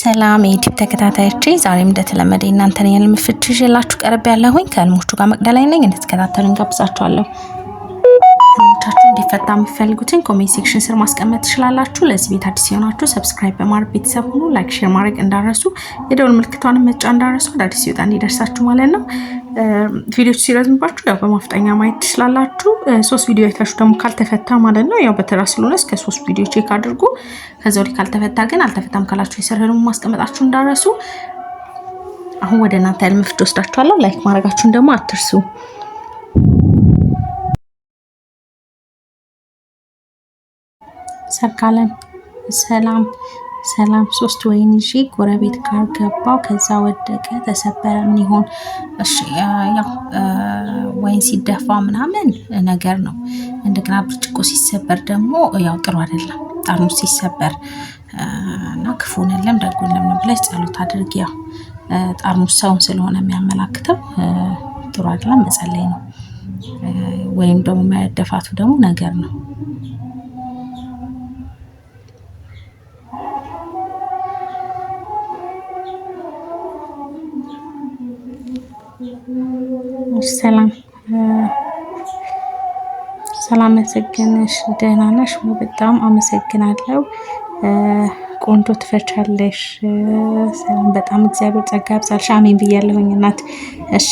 ሰላም የዩቲዩብ ተከታታዮቼ፣ ዛሬም እንደተለመደ እናንተን የህልም ፍቺ ይዤላችሁ ቀርብ ያለሁኝ ከህልሞቹ ጋር መቅደላይ ነኝ። እንድትከታተሉኝ ጋብዛችኋለሁ። ሀሳቦቻችሁ እንዲፈታ የምትፈልጉትን ኮሜንት ሴክሽን ስር ማስቀመጥ ትችላላችሁ። ለዚህ ቤት አዲስ የሆናችሁ ሰብስክራይብ በማድረግ ቤተሰብ ሁኑ። ላይክ፣ ሼር ማድረግ እንዳረሱ፣ የደውል ምልክቷንም መጫ እንዳረሱ፣ አዳዲስ ሲወጣ እንዲደርሳችሁ ማለት ነው። ቪዲዮች ሲረዝምባችሁ ያው በማፍጠኛ ማየት ትችላላችሁ። ሶስት ቪዲዮ አይታችሁ ደግሞ ካልተፈታ ማለት ነው ያው በተራ ስለሆነ እስከ ሶስት ቪዲዮ ቼክ አድርጉ። ከዛ ወዲህ ካልተፈታ ግን አልተፈታም ካላችሁ የስር ህልሙ ማስቀመጣችሁ እንዳረሱ። አሁን ወደ እናንተ ህልም ፍች ወስዳችኋለሁ። ላይክ ማድረጋችሁን ደግሞ አትርሱ። ሰርካለም ሰላም ሰላም ሶስት ወይን ይዤ ጎረቤት ጋር ገባው። ከዛ ወደቀ ተሰበረ። ምን ይሆን ወይን ሲደፋ ምናምን ነገር ነው። እንደገና ብርጭቆ ሲሰበር ደግሞ ያው ጥሩ አይደለም። ጠርሙስ ሲሰበር እና ክፉን የለም ደጉን የለም ብለሽ ጸሎት አድርጊ። ያው ጠርሙስ ሰውን ስለሆነ የሚያመላክተው ጥሩ አይደለም፣ መጸለይ ነው። ወይም ደግሞ መደፋቱ ደግሞ ነገር ነው። ሰላም ስላመሰገንሽ ደህና ነሽ? በጣም አመሰግናለሁ። ቆንጆ ትፈቻለሽ። ሰላም በጣም እግዚአብሔር ጸጋ ያብዛልሽ። አሜን ብያለሁኝ እናት። እሺ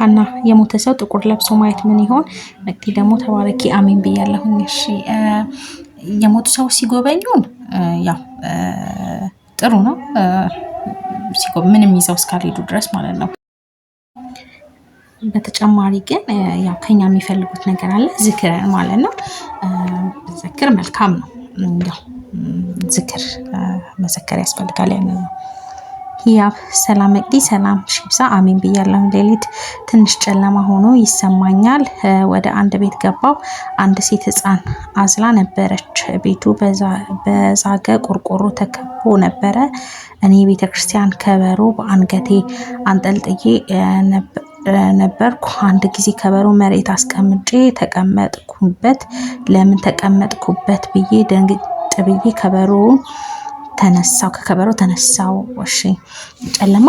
ሀና፣ የሞተ ሰው ጥቁር ለብሶ ማየት ምን ይሆን? መቅዲ ደግሞ ተባረኪ። አሜን ብያለሁኝ። እሺ የሞቱ ሰዎች ሲጎበኙን ያው ጥሩ ነው። ምንም ይዘው እስካልሄዱ ድረስ ማለት ነው። በተጨማሪ ግን ያው ከኛ የሚፈልጉት ነገር አለ፣ ዝክር ማለት ነው። ዝክር መልካም ነው። ያው ዝክር መዘከር ያስፈልጋል። ያ ያብ ሰላም መቅዲ ሰላም ሽብሳ አሜን ብያለሁ። ሌሊት ትንሽ ጨለማ ሆኖ ይሰማኛል። ወደ አንድ ቤት ገባው። አንድ ሴት ህፃን አዝላ ነበረች። ቤቱ በዛገ ቆርቆሮ ተከቦ ነበረ። እኔ ቤተክርስቲያን ከበሮ በአንገቴ አንጠልጥዬ ነበርኩ። አንድ ጊዜ ከበሮ መሬት አስቀምጬ ተቀመጥኩበት። ለምን ተቀመጥኩበት ብዬ ደንግጥ ብዬ ከበሮ ተነሳው ከከበሮ ተነሳው። እሺ ጨለማ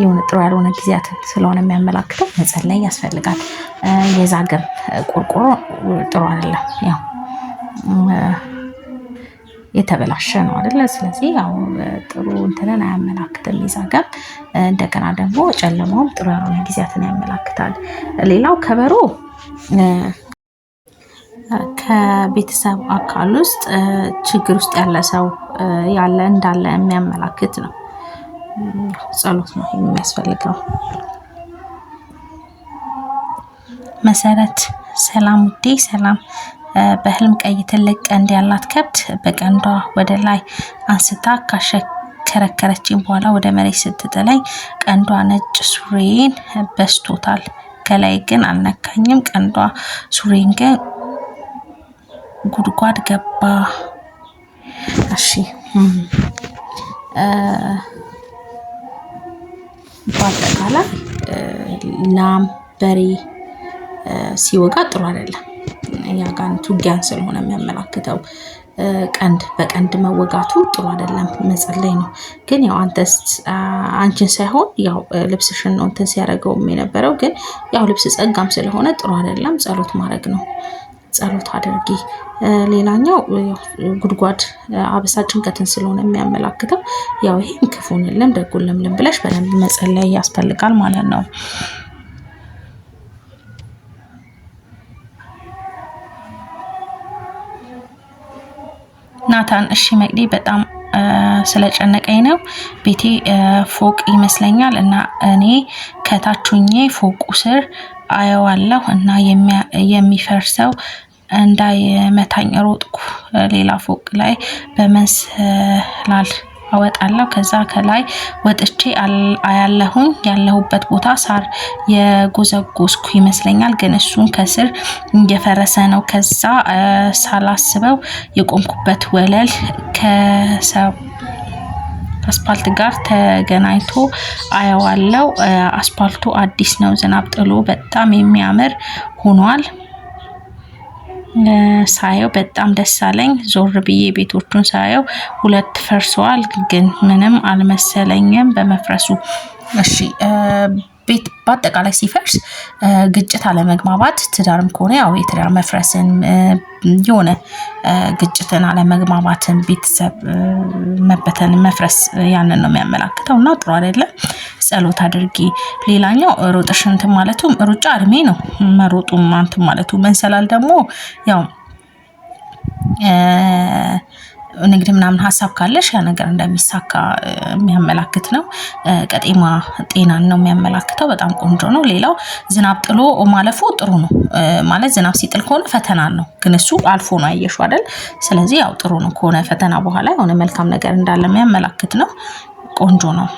የሆነ ጥሩ ያልሆነ ጊዜያት ስለሆነ የሚያመላክተው መጸለይ ያስፈልጋል። የዛገር ቆርቆሮ ጥሩ አይደለም ያው የተበላሸ ነው አይደለ? ስለዚህ ያው ጥሩ እንትንን አያመላክትም። ይዛ ጋር እንደገና ደግሞ ጨለማውም ጥሩ ያልሆነ ጊዜያትን ያመላክታል። ሌላው ከበሮ ከቤተሰብ አካል ውስጥ ችግር ውስጥ ያለ ሰው ያለ እንዳለ የሚያመላክት ነው። ጸሎት ነው የሚያስፈልገው። መሰረት ሰላም ውዴ፣ ሰላም በህልም ቀይ ትልቅ ቀንድ ያላት ከብት በቀንዷ ወደ ላይ አንስታ ካሸከረከረችኝ በኋላ ወደ መሬት ስትጥለኝ ቀንዷ ነጭ ሱሬን በስቶታል። ከላይ ግን አልነካኝም። ቀንዷ ሱሬን ግን ጉድጓድ ገባ። እሺ በአጠቃላይ ላም በሬ ሲወጋ ጥሩ አይደለም። የአጋንንት ውጊያን ስለሆነ የሚያመላክተው ቀንድ በቀንድ መወጋቱ ጥሩ አይደለም፣ መጸለይ ነው። ግን ያው አንተስ አንቺን ሳይሆን ያው ልብስሽን ነው እንትን ሲያደርገውም የነበረው ግን ያው ልብስ ጸጋም ስለሆነ ጥሩ አይደለም፣ ጸሎት ማድረግ ነው። ጸሎት አድርጊ። ሌላኛው ጉድጓድ አበሳ ጭንቀትን ስለሆነ የሚያመላክተው ያው ይህም ክፉንልም ደጉልምልም ብለሽ በደንብ መጸለይ ያስፈልጋል ማለት ነው። ናታን እሺ መቅዲ በጣም ስለጨነቀኝ ነው። ቤቴ ፎቅ ይመስለኛል እና እኔ ከታቹኜ ፎቁ ስር አየዋለሁ እና የሚፈርሰው እንዳይመታኝ ሮጥኩ። ሌላ ፎቅ ላይ በመንስላል አወጣለሁ። ከዛ ከላይ ወጥቼ አያለሁኝ። ያለሁበት ቦታ ሳር የጎዘጎዝኩ ይመስለኛል፣ ግን እሱን ከስር እየፈረሰ ነው። ከዛ ሳላስበው የቆምኩበት ወለል ከሰው አስፓልት ጋር ተገናኝቶ አየዋለው። አስፓልቱ አዲስ ነው፣ ዝናብ ጥሎ በጣም የሚያምር ሆኗል። ሳየው በጣም ደስ አለኝ። ዞር ብዬ ቤቶቹን ሳየው ሁለት ፈርሰዋል፣ ግን ምንም አልመሰለኝም በመፍረሱ። እሺ ቤት በአጠቃላይ ሲፈርስ ግጭት፣ አለመግባባት ትዳርም ከሆነ ያው የትዳር መፍረስን የሆነ ግጭትን፣ አለመግባባትን፣ ቤተሰብ መበተን፣ መፍረስ ያንን ነው የሚያመላክተው እና ጥሩ አይደለም። ጸሎት አድርጊ። ሌላኛው ሮጥሽ እንትን ማለቱም ሩጫ እድሜ ነው። መሮጡም እንትን ማለቱ መንሰላል ደግሞ ያው ንግድ ምናምን ሀሳብ ካለሽ ያ ነገር እንደሚሳካ የሚያመላክት ነው። ቀጤማ ጤናን ነው የሚያመላክተው። በጣም ቆንጆ ነው። ሌላው ዝናብ ጥሎ ማለፉ ጥሩ ነው ማለት ዝናብ ሲጥል ከሆነ ፈተና ነው፣ ግን እሱ አልፎ ነው አየሹ አይደል? ስለዚህ ያው ጥሩ ነው ከሆነ ፈተና በኋላ የሆነ መልካም ነገር እንዳለ የሚያመላክት ነው። ቆንጆ ነው።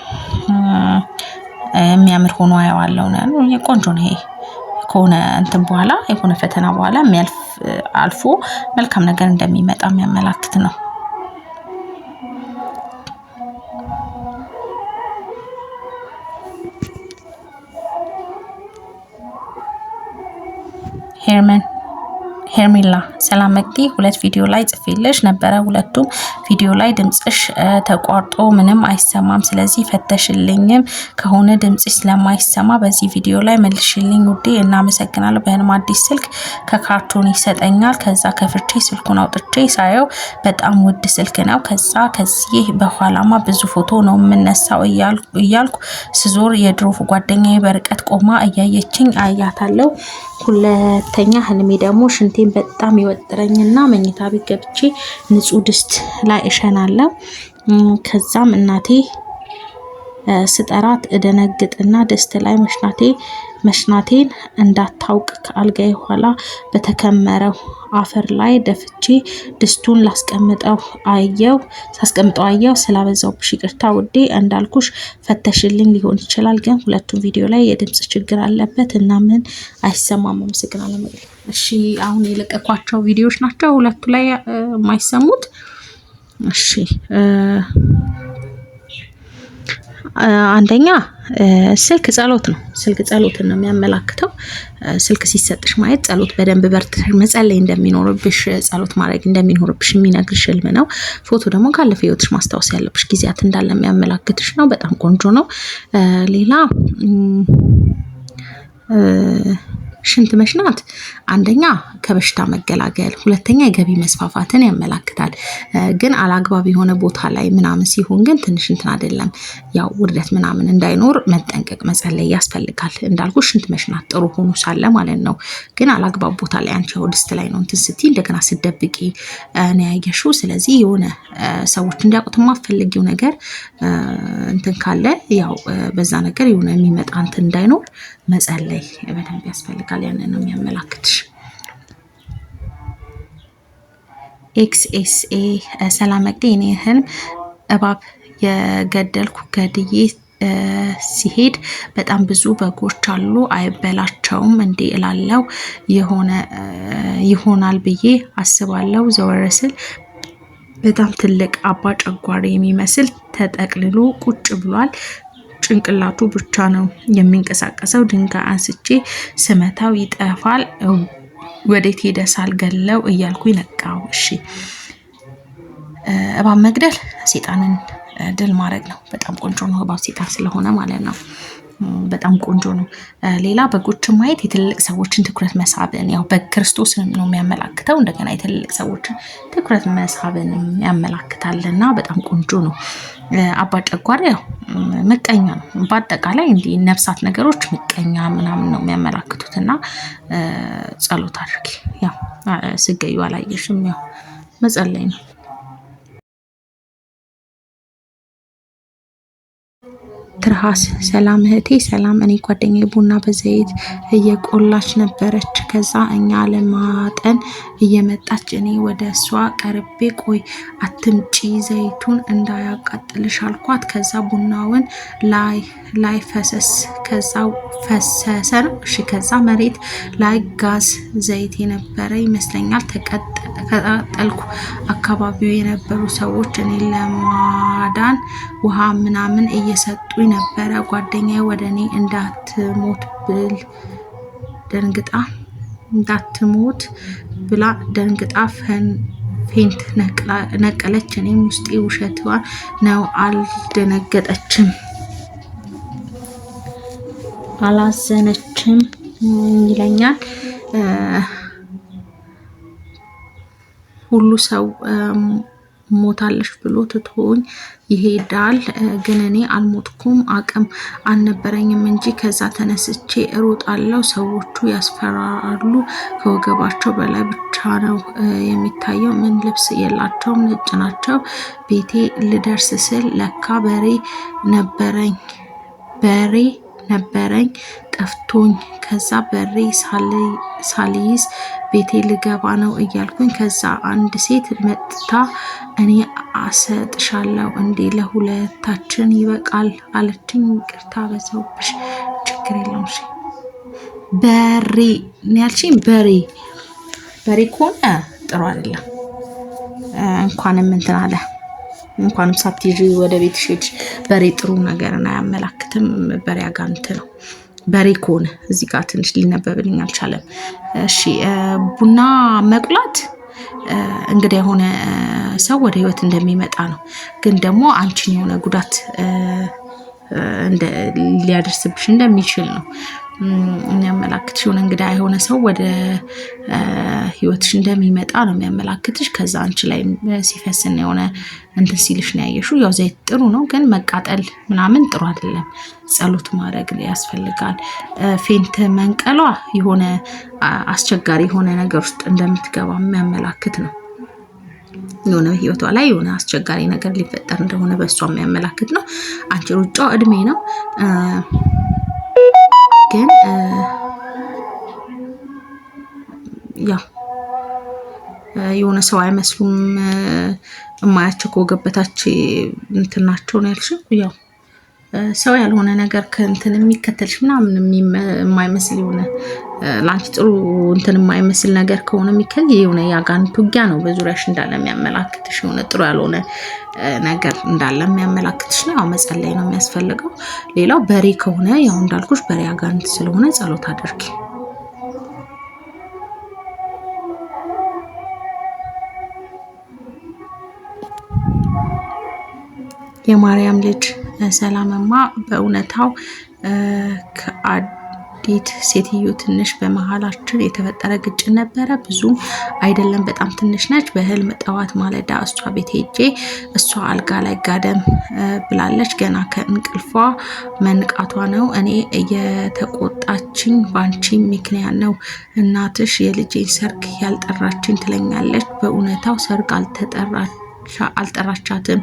የሚያምር ሆኖ አየዋለሁ ነው። ቆንጆ ነው ይሄ ከሆነ እንትን በኋላ የሆነ ፈተና በኋላ የሚያልፍ አልፎ መልካም ነገር እንደሚመጣ የሚያመላክት ነው። ሄርመን ሰላም ሰላመቅዲ ሁለት ቪዲዮ ላይ ጽፌልሽ ነበረ። ሁለቱም ቪዲዮ ላይ ድምጽሽ ተቋርጦ ምንም አይሰማም፣ ስለዚህ ፈተሽልኝም ከሆነ ድምፅሽ ስለማይሰማ በዚህ ቪዲዮ ላይ መልሽልኝ ውዴ። እናመሰግናለሁ። በህልም አዲስ ስልክ ከካርቶን ይሰጠኛል። ከዛ ከፍቼ ስልኩን አውጥቼ ሳየው በጣም ውድ ስልክ ነው። ከዛ ከዚህ በኋላማ ብዙ ፎቶ ነው የምነሳው እያልኩ ስዞር የድሮ ጓደኛዬ በርቀት ቆማ እያየችኝ አያታለሁ። ሁለተኛ ህልሜ ደግሞ ሽንቴን በጣም ይወጥረኝና መኝታ ቤት ገብቼ ንጹህ ድስት ላይ እሸናለሁ። ከዛም እናቴ ስጠራት እደነግጥና ድስት ላይ መሽናቴ መሽናቴን እንዳታውቅ ከአልጋዬ ኋላ በተከመረው አፈር ላይ ደፍቼ ድስቱን ላስቀምጠው አየው ሳስቀምጠው አየው ስላበዛውብሽ ይቅርታ ውዴ፣ እንዳልኩሽ ፈተሽልኝ ሊሆን ይችላል፣ ግን ሁለቱም ቪዲዮ ላይ የድምፅ ችግር አለበት እና ምን አይሰማም። አመሰግናለሁ። እሺ፣ አሁን የለቀኳቸው ቪዲዮዎች ናቸው ሁለቱ ላይ የማይሰሙት። እሺ አንደኛ ስልክ ጸሎት ነው። ስልክ ጸሎትን ነው የሚያመላክተው። ስልክ ሲሰጥሽ ማየት ጸሎት በደንብ በርት መጸለይ እንደሚኖርብሽ፣ ጸሎት ማድረግ እንደሚኖርብሽ የሚነግርሽ ህልም ነው። ፎቶ ደግሞ ካለፈ ህይወትሽ ማስታወስ ያለብሽ ጊዜያት እንዳለ የሚያመላክትሽ ነው። በጣም ቆንጆ ነው። ሌላ ሽንት መሽናት አንደኛ ከበሽታ መገላገል፣ ሁለተኛ የገቢ መስፋፋትን ያመላክታል። ግን አላግባብ የሆነ ቦታ ላይ ምናምን ሲሆን ግን ትንሽ እንትን አይደለም። ያው ውርደት ምናምን እንዳይኖር መጠንቀቅ መጸለይ ያስፈልጋል። እንዳልኩ ሽንት መሽናት ጥሩ ሆኖ ሳለ ማለት ነው። ግን አላግባብ ቦታ ላይ አንቺ ያው ላይ ነው እንትን ስትይ እንደገና ስደብቂ ነው ያየሽው። ስለዚህ የሆነ ሰዎች እንዲያውቁት የማፈልጊው ነገር እንትን ካለ ያው በዛ ነገር የሆነ የሚመጣ እንትን እንዳይኖር መጸለይ በደንብ ያስፈልጋል። ያንን ነው የሚያመላክትሽ። ኤክስኤስኤ ሰላም መቅዴ፣ እኔ ህልም እባብ የገደልኩ ገድዬ ሲሄድ በጣም ብዙ በጎች አሉ አይበላቸውም እንዲህ እላለው ይሆናል ብዬ አስባለው። ዘወር ስል በጣም ትልቅ አባ የሚመስል ተጠቅልሎ ቁጭ ብሏል። ጭንቅላቱ ብቻ ነው የሚንቀሳቀሰው። ድንጋይ አንስቼ ስመታው ይጠፋል። ወዴት ሄደ ሳልገለው እያልኩ ይነቃው። እሺ እባብ መግደል ሴጣንን ድል ማድረግ ነው። በጣም ቆንጆ ነው እባብ ሴጣን ስለሆነ ማለት ነው። በጣም ቆንጆ ነው። ሌላ በጎችን ማየት የትልልቅ ሰዎችን ትኩረት መሳብን ያው በክርስቶስንም ነው የሚያመላክተው። እንደገና የትልልቅ ሰዎችን ትኩረት መሳብን ያመላክታል እና በጣም ቆንጆ ነው። አባ ጨጓራ ያው ምቀኛ ነው። በአጠቃላይ እንዲህ ነፍሳት ነገሮች ምቀኛ ምናምን ነው የሚያመላክቱት እና ጸሎት አድርጊ። ያው ስገዩ አላየሽም፣ ያው መጸለይ ነው። ትርሃስ ሰላም እህቴ ሰላም። እኔ ጓደኛ ቡና በዘይት እየቆላች ነበረች። ከዛ እኛ ለማጠን እየመጣች እኔ ወደ እሷ ቀርቤ ቆይ አትምጪ ዘይቱን እንዳያቃጥልሽ አልኳት። ከዛ ቡናውን ላይ ላይ ፈሰስ ከዛ ፈሰሰ ነው እሺ። ከዛ መሬት ላይ ጋዝ ዘይት የነበረ ይመስለኛል ተቀጠልኩ። አካባቢው የነበሩ ሰዎች እኔ ለማዳን ውሃ ምናምን እየሰጡኝ ነበረ። ጓደኛ ወደ እኔ እንዳትሞት ብል ደንግጣ እንዳትሞት ብላ ደንግጣ ፌንት ነቀለች። እኔም ውስጤ ውሸትዋ ነው፣ አልደነገጠችም፣ አላዘነችም ይለኛል። ሁሉ ሰው ሞታለሽ ብሎ ትቶኝ ይሄዳል። ግን እኔ አልሞትኩም፣ አቅም አልነበረኝም እንጂ ከዛ ተነስቼ እሮጣለሁ። ሰዎቹ ያስፈራራሉ። ከወገባቸው በላይ ብቻ ነው የሚታየው። ምን ልብስ የላቸውም፣ ነጭ ናቸው። ቤቴ ልደርስ ስል ለካ በሬ ነበረኝ በሬ ነበረኝ ጠፍቶኝ ከዛ በሬ ሳልይዝ ቤቴ ልገባ ነው እያልኩኝ ከዛ አንድ ሴት መጥታ እኔ አሰጥሻለሁ እንዴ ለሁለታችን ይበቃል አለችኝ። ቅርታ በሰውብሽ ችግር የለም። የለውም። በሬ ነው ያልሽኝ? በሬ በሬ ከሆነ ጥሩ አይደለም። እንኳንም እንትን አለ እንኳንም ሳትይዥ ወደ ቤትሽ ሄድሽ። በሬ ጥሩ ነገርን አያመላክትም። በሬ አጋንንት ነው። በሬ ከሆነ እዚህ ጋር ትንሽ ሊነበብልኝ አልቻለም። እሺ ቡና መቁላት እንግዲህ የሆነ ሰው ወደ ህይወት እንደሚመጣ ነው። ግን ደግሞ አንቺን የሆነ ጉዳት ሊያደርስብሽ እንደሚችል ነው። የሚያመላክትሽ የሆነ እንግዳ የሆነ ሰው ወደ ህይወትሽ እንደሚመጣ ነው የሚያመላክትሽ። ከዛ አንቺ ላይ ሲፈስን የሆነ እንትን ሲልሽ ነው ያየሹ። ያው ዘይት ጥሩ ነው፣ ግን መቃጠል ምናምን ጥሩ አይደለም። ጸሎት ማድረግ ያስፈልጋል። ፌንት መንቀሏ የሆነ አስቸጋሪ የሆነ ነገር ውስጥ እንደምትገባ የሚያመላክት ነው። የሆነ ህይወቷ ላይ የሆነ አስቸጋሪ ነገር ሊፈጠር እንደሆነ በእሷ የሚያመላክት ነው። አንቺ ሩጫው እድሜ ነው ግን uh, ያው uh, የሆነ ሰው አይመስሉም። እማያቸው uh, ከወገበታች እንትን ነው ያልሽው ያው ሰው ያልሆነ ነገር ከእንትን የሚከተልሽ ምናምን የማይመስል የሆነ ለአንቺ ጥሩ እንትን የማይመስል ነገር ከሆነ የሚከል የሆነ የአጋንንት ውጊያ ነው በዙሪያሽ እንዳለ የሚያመላክትሽ የሆነ ጥሩ ያልሆነ ነገር እንዳለ የሚያመላክትሽ ነው። ያው መጸለይ ነው የሚያስፈልገው። ሌላው በሬ ከሆነ ያው እንዳልኩሽ በሬ አጋንት ስለሆነ ጸሎት አድርጊ። የማርያም ልጅ ሰላምማ በእውነታው ከአዲት ሴትዮ ትንሽ በመሀላችን የተፈጠረ ግጭት ነበረ። ብዙም አይደለም፣ በጣም ትንሽ ነች። በህልም ጠዋት ማለዳ እሷ ቤት ሄጄ እሷ አልጋ ላይ ጋደም ብላለች። ገና ከእንቅልፏ መንቃቷ ነው። እኔ እየተቆጣችኝ ባንቺ ምክንያት ነው እናትሽ የልጄን ሰርግ ያልጠራችኝ ትለኛለች። በእውነታው ሰርግ አልተጠራች አልጠራቻትም።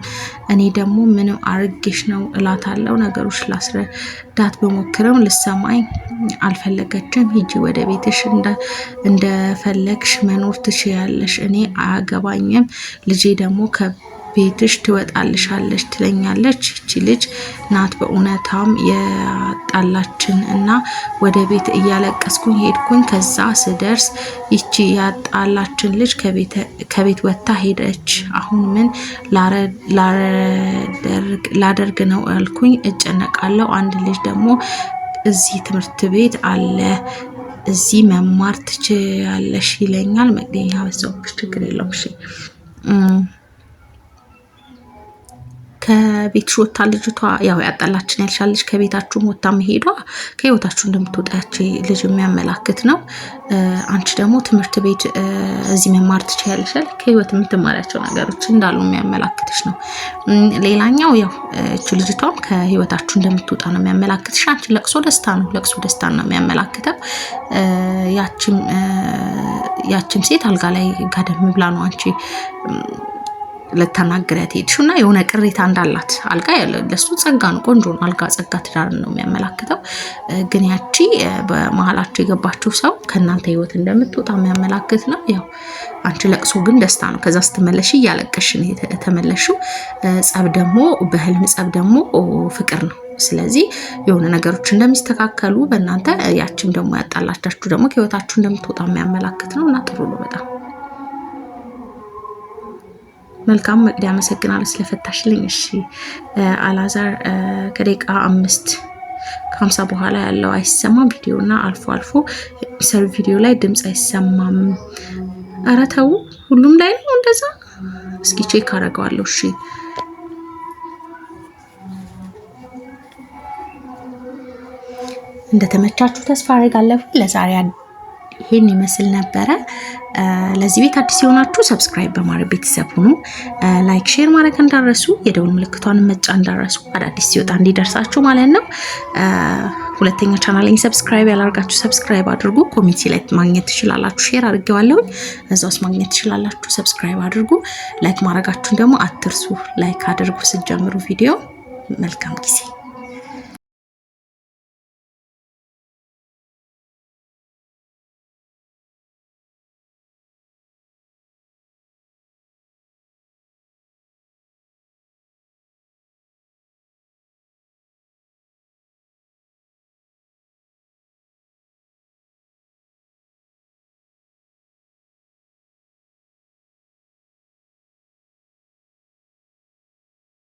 እኔ ደግሞ ምንም አርጌሽ ነው እላታለው። ነገሮች ላስረዳት በሞክረም ልሰማኝ አልፈለገችም። ሂጂ ወደ ቤትሽ፣ እንደፈለግሽ መኖር ትችያለሽ፣ እኔ አያገባኝም። ልጄ ደግሞ ቤትሽ ትወጣልሻለች ትለኛለች። ይቺ ልጅ ናት በእውነታም ያጣላችን እና ወደ ቤት እያለቀስኩኝ ሄድኩኝ። ከዛ ስደርስ ይቺ ያጣላችን ልጅ ከቤት ወጥታ ሄደች። አሁን ምን ላደርግ ነው አልኩኝ። እጨነቃለሁ። አንድ ልጅ ደግሞ እዚህ ትምህርት ቤት አለ እዚህ መማር ትችያለሽ ይለኛል። መቅደኛ በሰዎች ችግር የለውም። ከቤትሽ ወታ ልጅቷ ያው ያጣላችን ያልሻለች ከቤታችሁም ወታ መሄዷ ከህይወታችሁ እንደምትወጣ ያቺ ልጅ የሚያመላክት ነው። አንቺ ደግሞ ትምህርት ቤት እዚህ መማር ትችያለሽ፣ ከህይወት የምትማሪያቸው ነገሮች እንዳሉ የሚያመላክትሽ ነው። ሌላኛው ያው እቺ ልጅቷም ከህይወታችሁ እንደምትወጣ ነው የሚያመላክትሽ። አንቺ ለቅሶ ደስታ ነው፣ ለቅሶ ደስታ ነው የሚያመላክተው። ያችም ሴት አልጋ ላይ ጋደም ብላ ነው አንቺ ልታናግሪያት ሄድሽ እና የሆነ ቅሬታ እንዳላት አልጋ ያለ ለሱ ጸጋ ነው፣ ቆንጆ ነው። አልጋ ጸጋ ትዳርን ነው የሚያመላክተው። ግን ያቺ በመሀላችሁ የገባችው ሰው ከእናንተ ህይወት እንደምትወጣ የሚያመላክት ነው። ያው አንቺ ለቅሶ ግን ደስታ ነው። ከዛ ስትመለሽ እያለቀሽ የተመለሽው። ጸብ ደግሞ በህልም ጸብ ደግሞ ፍቅር ነው። ስለዚህ የሆነ ነገሮች እንደሚስተካከሉ በእናንተ ያቺም ደግሞ ያጣላቻችሁ ደግሞ ከህይወታችሁ እንደምትወጣ የሚያመላክት ነው እና ጥሩ ነው በጣም መልካም መቅዲ አመሰግናለሁ ስለፈታሽልኝ። እሺ አላዛር ከደቂቃ አምስት ከሀምሳ በኋላ ያለው አይሰማም ቪዲዮ እና አልፎ አልፎ ሰር ቪዲዮ ላይ ድምፅ አይሰማም። ኧረ ተው ሁሉም ላይ ነው እንደዛ። እስኪ ቼክ አደርገዋለሁ። እሺ እንደተመቻችሁ ተስፋ አደርጋለሁ። ለዛሬ ይህን ይመስል ነበረ። ለዚህ ቤት አዲስ የሆናችሁ ሰብስክራይብ በማድረግ ቤተሰብ ሁኑ። ላይክ፣ ሼር ማድረግ እንዳረሱ፣ የደውል ምልክቷን መጫ እንዳረሱ፣ አዳዲስ ሲወጣ እንዲደርሳችሁ ማለት ነው። ሁለተኛ ቻናልኝ ሰብስክራይብ ያላርጋችሁ ሰብስክራይብ አድርጉ። ኮሚኒቲ ላይ ማግኘት ትችላላችሁ። ሼር አድርጌዋለሁኝ፣ እዛ ውስጥ ማግኘት ትችላላችሁ። ሰብስክራይብ አድርጉ። ላይክ ማድረጋችሁን ደግሞ አትርሱ። ላይክ አድርጉ ስትጀምሩ ቪዲዮ። መልካም ጊዜ